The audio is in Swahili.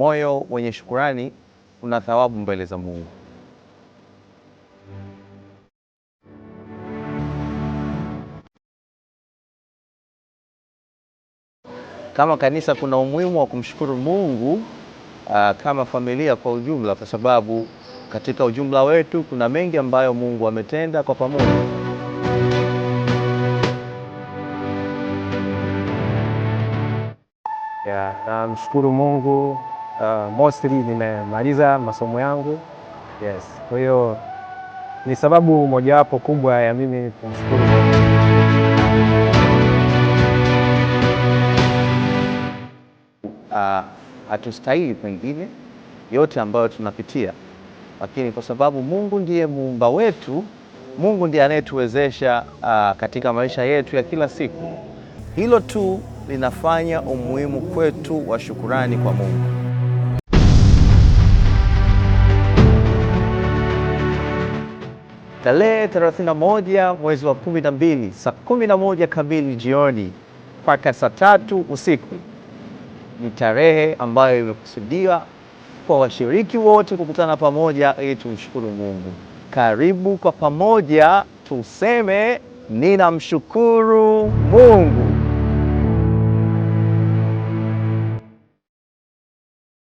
Moyo wenye shukurani una thawabu mbele za Mungu. Kama kanisa, kuna umuhimu wa kumshukuru Mungu uh, kama familia kwa ujumla, kwa sababu katika ujumla wetu kuna mengi ambayo Mungu ametenda kwa pamoja. Namshukuru Mungu uh, mostly nimemaliza masomo yangu yes. Kwa hiyo ni sababu mojawapo kubwa ya mimi kumshukuru uh, hatustahili uh, pengine yote ambayo tunapitia, lakini kwa sababu Mungu ndiye muumba wetu, Mungu ndiye anayetuwezesha uh, katika maisha yetu ya kila siku. Hilo tu linafanya umuhimu kwetu wa shukurani kwa Mungu. tarehe 31 mwezi wa 12 saa 11 kamili jioni mpaka saa tatu usiku ni tarehe ambayo imekusudiwa kwa washiriki wote kukutana pamoja ili tumshukuru Mungu. Karibu kwa pamoja tuseme ninamshukuru Mungu.